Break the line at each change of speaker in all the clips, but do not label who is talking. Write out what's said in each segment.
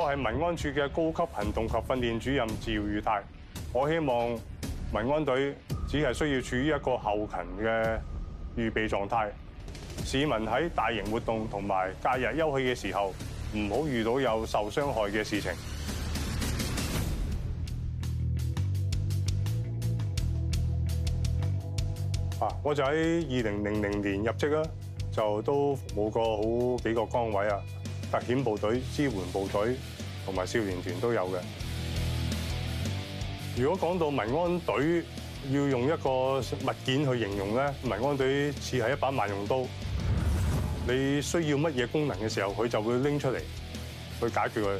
我係民安處嘅高級行動及訓練主任趙汝泰，我希望民安隊只係需要處於一個後勤嘅預備狀態。市民喺大型活動同埋假日休憩嘅時候，唔好遇到有受傷害嘅事情。啊，我就喺二零零零年入職啦，就都服務過好幾個崗位啊。特遣部隊、支援部隊同埋少年團都有嘅。如果講到民安隊，要用一個物件去形容咧，民安隊似係一把萬用刀。你需要乜嘢功能嘅時候，佢就會拎出嚟去解決佢。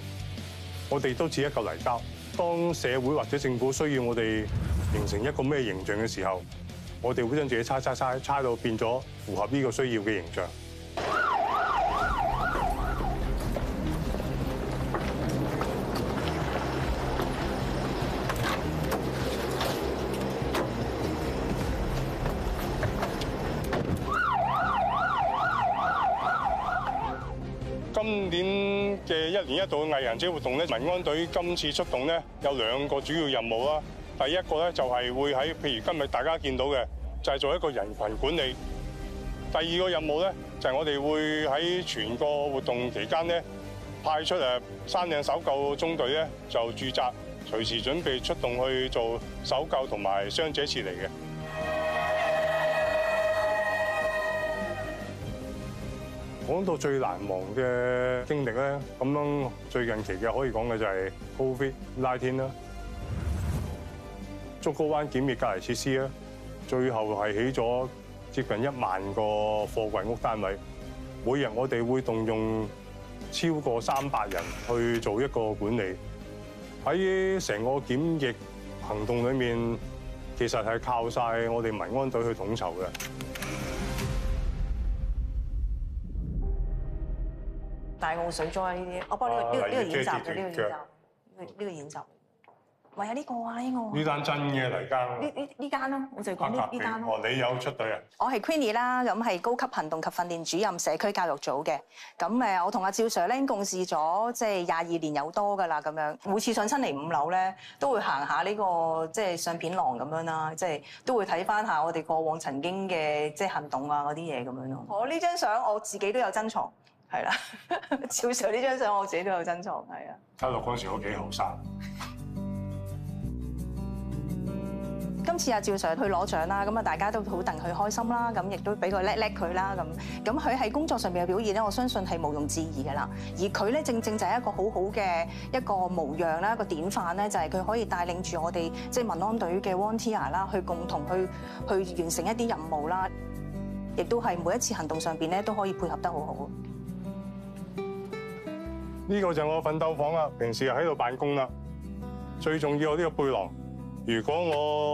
我哋都似一嚿泥膠。當社會或者政府需要我哋形成一個咩形象嘅時候，我哋會將自己猜猜猜猜到變咗符合呢個需要嘅形象。嘅一年一度嘅毅行者活動咧，民安隊今次出動咧有兩個主要任務啦。第一個咧就係會喺譬如今日大家見到嘅，就係、是、做一個人群管理。第二個任務咧就係我哋會喺全個活動期間咧派出誒山嶺搜救中隊咧就駐紮，隨時準備出動去做搜救同埋傷者撤離嘅。講到最難忘嘅經歷咧，咁樣最近期嘅可以講嘅就係 COVID-19 啦，竹篙灣檢疫隔離設施咧，最後係起咗接近一萬個貨櫃屋單位。每日我哋會動用超過三百人去做一個管理。喺成個檢疫行動裏面，其實係靠晒我哋民安隊去統籌嘅。
大澳水災呢啲，我幫你呢個演習嘅呢個演習，呢個演習，唯有呢個啊呢個啊。呢單真嘅嚟間。呢呢呢間啦，我就講呢呢單咯。
哦，你有出隊啊？
我係 Queenie 啦，咁係高級行動及訓練主任社區教育組嘅。咁誒，我同阿趙 Sir 咧共事咗即係廿二年有多噶啦，咁樣每次上親嚟五樓咧，都會行下呢個即係相片廊咁樣啦，即係都會睇翻下我哋過往曾經嘅即係行動啊嗰啲嘢咁樣咯。我呢張相我自己都有珍藏。係啦，趙 Sir 呢張相我自己都有珍藏，
係啊。睇落嗰陣時都幾後生。
今次啊，趙 Sir 去攞獎啦，咁啊大家都好戥佢開心啦，咁亦都俾佢叻叻佢啦，咁咁佢喺工作上面嘅表現咧，我相信係毋庸置疑㗎啦。而佢咧正正就係一個好好嘅一個模樣啦，一個典範咧，就係佢可以帶領住我哋即係民安隊嘅 volunteer 啦，去共同去去完成一啲任務啦，亦都係每一次行動上邊咧都可以配合得好好。
呢個就係我奮鬥房啦，平時喺度辦公啦。最重要我呢個背囊，如果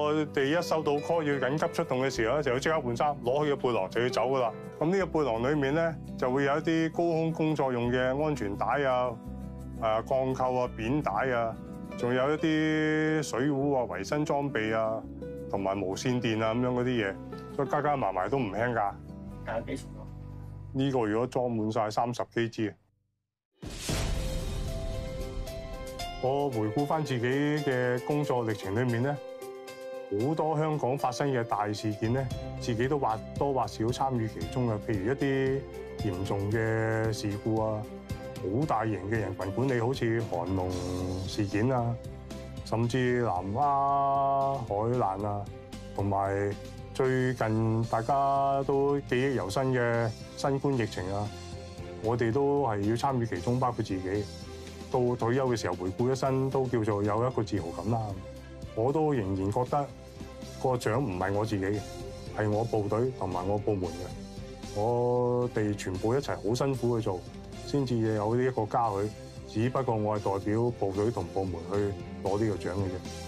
我哋一收到 call 要緊急出動嘅時候咧，就要即刻換衫攞佢個背囊就要走噶啦。咁呢個背囊裡面咧就會有一啲高空工作用嘅安全帶啊、誒鋼扣啊、扁帶啊，仲有一啲水壺啊、維生裝備啊，同埋無線電啊咁樣嗰啲嘢，所以加加埋埋都唔輕㗎。架幾重啊？呢個如果裝滿晒三十 kg。我回顧翻自己嘅工作歷程裏面咧，好多香港發生嘅大事件咧，自己都或多或少參與其中嘅。譬如一啲嚴重嘅事故啊，好大型嘅人群管理，好似韓龍事件啊，甚至南丫海難啊，同埋最近大家都記憶猶新嘅新冠疫情啊，我哋都係要參與其中，包括自己。到退休嘅時候，回顧一生都叫做有一個自豪感啦。我都仍然覺得個獎唔係我自己嘅，係我部隊同埋我部門嘅。我哋全部一齊好辛苦去做，先至有呢一個嘉許，只不過我係代表部隊同部門去攞呢個獎嘅啫。